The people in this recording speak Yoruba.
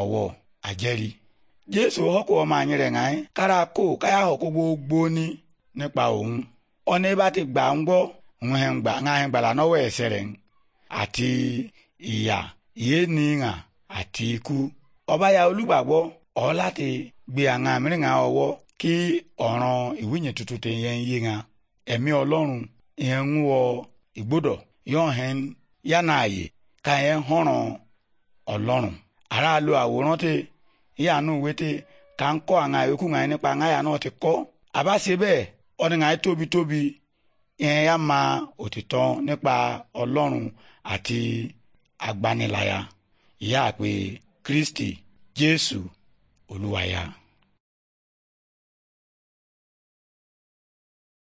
ọwọ́ àjẹ́rí jésù ọkọ̀ ọmọ àyìn rẹ ńáyé kara kó kaya ọkọ̀ gbogbo ní nípa òun gba ibà ti gbà ń gbọ́ ńgbàlà náwó ẹ̀sẹ̀ rẹ̀ àti ìyà ìyénìyàn àti ikú ọba ya olùgbàgbọ́ ọ láti gbé àwọn àmìrìn àwọn ọwọ. kí ọ̀ràn ìwíyìn tuntun ti yẹn ń yé wọn ẹ̀mí ọlọ́run yẹn ń wọ yẹn ara lo àwòrán tè ìyànú ìwé tè ká ń kọ́ àwọn àwékù wọn nípa àwọn àyà náà ti kọ́ àbá ṣe bẹ́ẹ̀ ọ̀nà àwọn tóbi tóbi ìyẹn yá máa òtítọ́ nípa ọlọ́run àti agbanilaya ìyá àpè Kristi Jésù olúwaya.